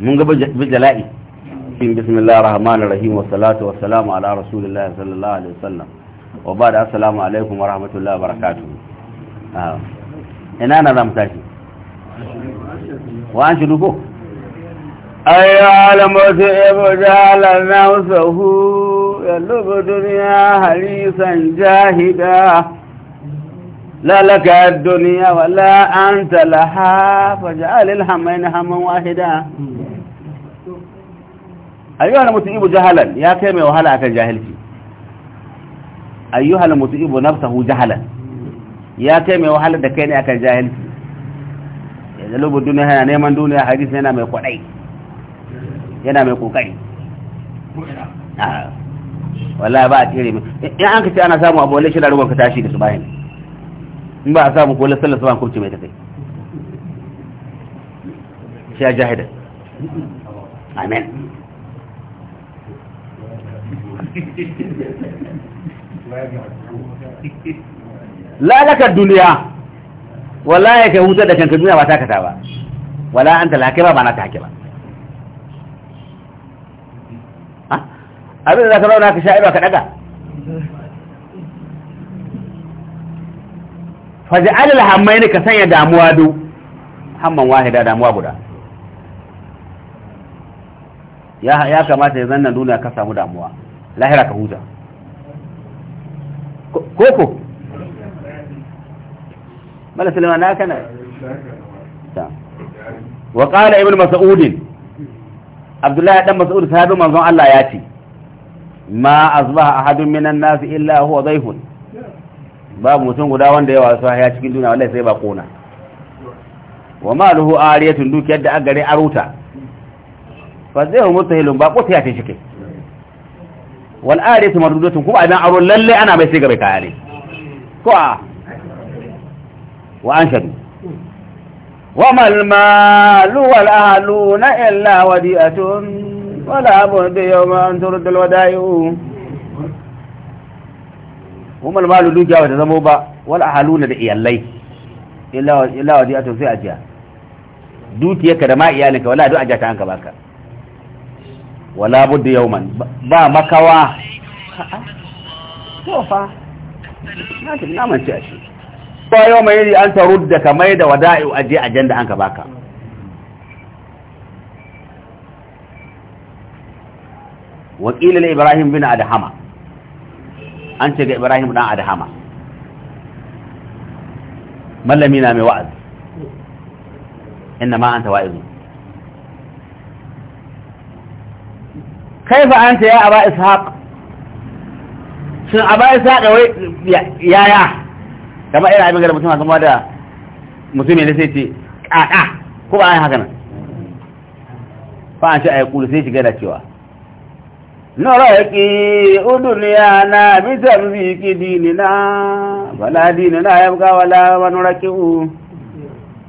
mun ga bijala'i bismillahir rahmanir rahim wa salatu wa salamu ala rasulillahi sallallahu alaihi wasallam wa ba da assalamu alaikum wa rahmatullahi wa barakatuh ina na zamu tashi wa an shiru ko ay alamatu ibdala nafsuhu yalubu dunya halisan jahida لا لك الدنيا ولا أنت لها فاجعل الهمين هما واحدا al mutiibu jahalan ya kai mai wahala akan jahilci al mutiibu nafsahu jahalan ya kai mai wahala da kai ne akan jahilci yanzu zalubu duniya yana neman duniya hadisi yana mai kwadai yana mai kokari wallahi ba a tere mai in an kace ana samu abu wallahi shirar ruwan ka tashi da subahin in ba a samu ko wallahi sallar subahin kurce mai ta kai shi ya jahida amen lalaka duniya wala ya ke hutar da kanka duniya ba ta kata ba wala an talake ba ba na hake ba abin da za ka zauna ka sha ido ka daga faji alil hammai ne ka sanya damuwa do hamman wahida damuwa guda ya kamata ya zanna duniya ka samu damuwa lahira ka huta koko mala sulaiman na kana ta wa qala ibnu mas'ud abdullahi dan mas'ud sahabi manzon Allah ya ce ma azbaha ahadun minan nas illa huwa dayhun babu mutum guda wanda yawa su haya cikin duniya wallahi sai ba kona wa maluhu ariyatun dukiyar da agare aruta fa zai mutahilun ba ko sai ce shi kai wal ariyatu mardudatun kuma idan aro lalle ana mai sai gaba kaya ne ko a wa an shadu wa mal malu wal ahluna illa wadi'atun wala budu yawma an turdu al wada'i'u wa mal dukiya wata zamo ba wal na da iyallai illa wadi'atun sai ajiya dukiyarka da ma iyalinka wala duk ajiya ta an ka wala budda yawman ba makawa to fa na ce na mance a shi ba yau mai yi an tarud da ka mai da wada'i aje ajanda an ka baka wakilin ibrahim bin adhama an ce ga ibrahim dan adhama mallami na mai wa'azi inna ma anta wa'izu kaifa anta ya aba ishaq shin aba ishaq wai yaya kamar ina abin da mutum hakan da mutum ne sai ce ƙaƙa ko ba a yi haka nan fa an ce a yi kulu sai shiga da cewa nora ya ƙi uduniya na bitan dini dinina bala dinina ya buka wala manura u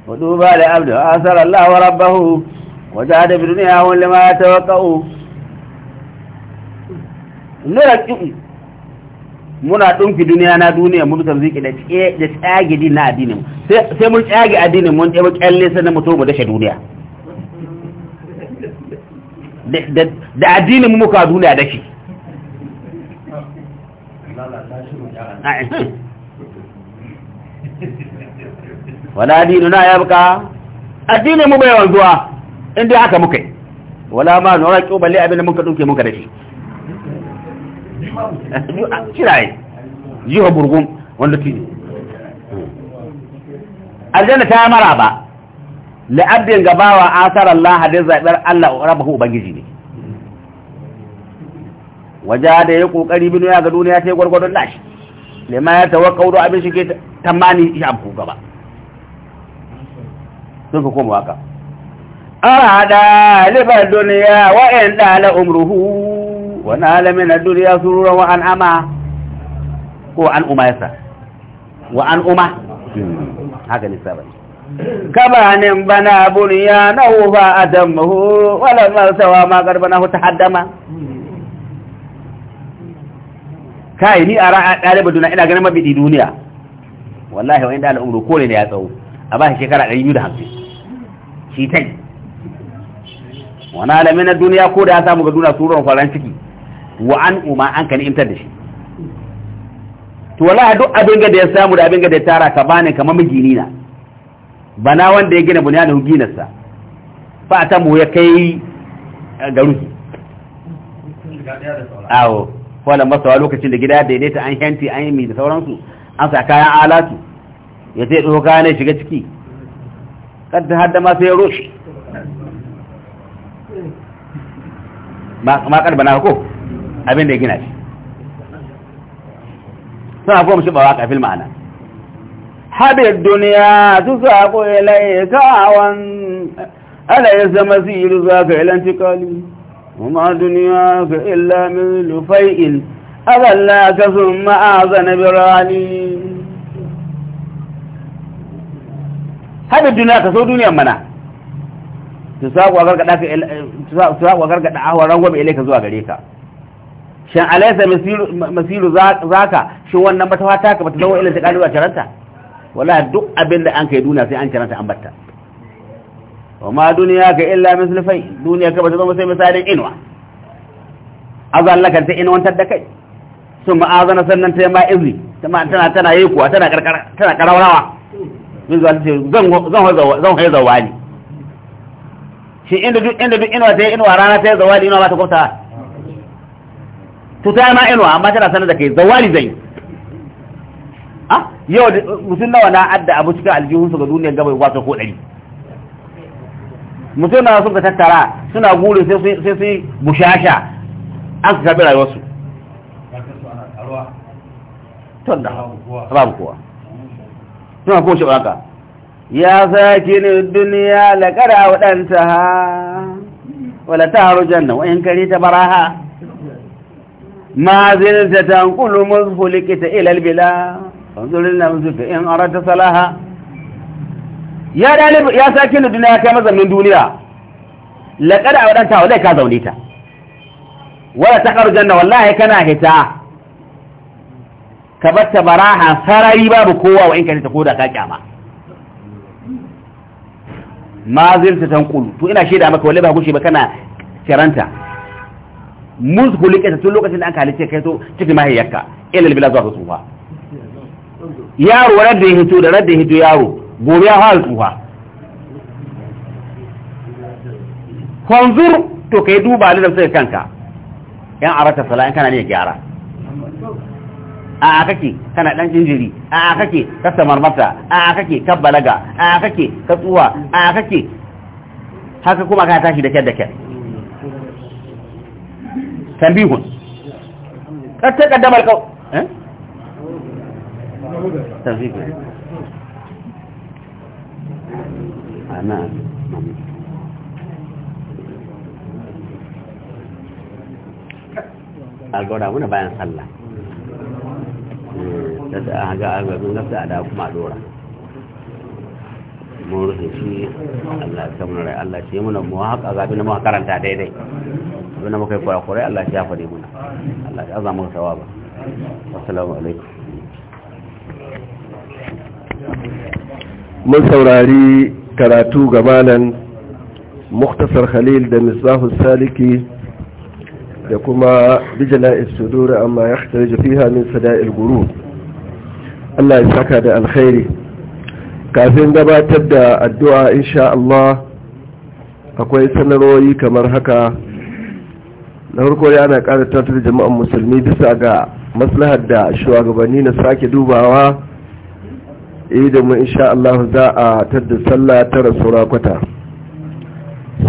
hudu ba da abdu asar Allah wa rabbahu wajen da bi duniya wani lima ya tawakka'u nura ƙi'i muna ɗunki duniya na duniya mun san ziki da tsage din na addinin sai mun tsage addinin mun tsaye kyalle sai mu to da dashe duniya da addinin mu muka duniya shi wala dinu na yabka addinin mu bai wanzuwa inda haka muka yi wala ma nura ƙi'u balle abin da muka ɗunke muka shi Eh, kiraye jiha burgun wanda tuni aljanna ta mara ba la'abdin gabawa asar Allah hadin zaɓar Allah rabahu ubangiji ne waje da ya kokari binu ya ga duniya sai gwargwadon nashi lema ya tawakkau da abin shi ke tamani ya amfu gaba sun ka koma waka ara da libar duniya wa'in da umruhu wani alamin na duniya sururan wa an ama ko an uma yasa wa an uma haka nisa ba kabanin bana buniya na wufa a damahu wala martawa ma garbana hu ta haddama kai ni a ra'a ba duna ina ganin mabiɗi duniya wallahi wa da al'umru kore ne ya tsawo a ba shi shekara 250 shi tai wani alamin na duniya ko da ya samu ga duna sururan kwaran ciki wa an umma an ka ni'imtar da shi to wala duk abin da ya samu da abin da ya tara ka bani kamar mijini na bana wanda ya gina bunyanin sa fa ta mu ya kai eh, ga ruhi awo wala masa lokacin da gida da daidaita an hanti an yi mi da sauransu an sa kayan alatu ya sai ɗauka kayan shiga ciki kadda hadda ma sai ya rushe ma kar bana ko abin da ya gina shi suna kuma shi bawa kafin ma'ana habir duniya su saƙo ilai ka'awan alayi zama za ka ilan tikali kuma duniya ka illa min aballa ka sun ma'aza na birani duniya ka so duniyan mana su saƙo a gargaɗa ahuwa rangon ilai ka zuwa gare ka shin alaisa masiru zaka shin wannan bata ta ka bata zama ilin ta kalu a caranta wala duk abin da an kai duniya sai an caranta an batta wa ma duniya ka illa fai, duniya ka bata zama sai misalin inuwa azallaka ta inuwantar da kai sun ma'azana sannan ta ma izi tana tana yi kuwa tana karawarawa min zuwa ce zan zan hoye shi inda duk inda duk inuwa ta yi inuwa rana ta yi zawali inuwa ba ta kwafta to ta ma inuwa amma tana sanar da kai zawali zai a yau mutum nawa na adda abu cikin aljihunsu ga duniyar gabai wato ko ɗari mutum nawa sun ka tattara suna gure sai sun yi bushasha an ka karɓi rayuwarsu ton da babu kowa suna kowace ɓanka ya sake ne duniya laƙara waɗanta ha wala ta haru janna wa'in kare ta baraha Mazalita Tankulu masu likita ilal bila. Wanzanar da zan aminta fi ina ranar salaha. Ya ɗani ya sake duniya ta yamma duniya. Laƙada a waɗanta hawa zai ka zaune ta. Wani a takarar janna wallahi kana hita. Ka baraha harayi babu kowa wa ƴan ka shi ta ko da ka ƙyama. Mazalita Tankulu to ina shaida maka wani laifin kuma ba kana taranta. mun ta tun lokacin da an halice kai to cikin mahaiyarka ilal bila zuwa tsufa yaro ran da hito da ran hito yaro gobe ya fara tsufa kwanzur to kai duba da sai kanka yan arata sala in kana ne gyara a kake kana dan jinjiri a kake ka samarmata a kake ka balaga a kake ka tsuwa a kake haka kuma ka tashi da kyar da kyar tambihun kar ta kaddama alƙaw eh ana algora muna bayan sallah da da ga agwagin gafta da kuma dora mun rufe shi Allah ya samurai Allah ce muna mu haka ga bin mu karanta daidai abin da muka yi kurakurai Allah ya fare muna Allah ya zama ka sawaba assalamu alaikum mun saurari karatu gabanan muktasar khalil da misbahu saliki da kuma bijila sudur amma ya khtarju fiha min sada'il gurub Allah ya saka da alkhairi kafin gabatar da addu'a insha Allah akwai sanarori kamar haka na farko dai ana ƙara tattar jama'an musulmi bisa ga maslahar da shugabanni na sake dubawa eh, idan mu insha Allah za a tadda sallah ta rasura kwata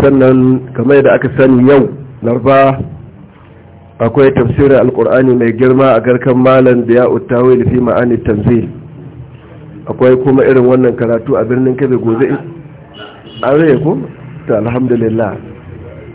sannan kamar yadda aka sani yau larba akwai tafsirin alkur'ani mai girma a garkan malam biya uttawi da fi ma'ani tanzil akwai kuma irin wannan karatu a birnin kebe gobe an ko ta alhamdulillah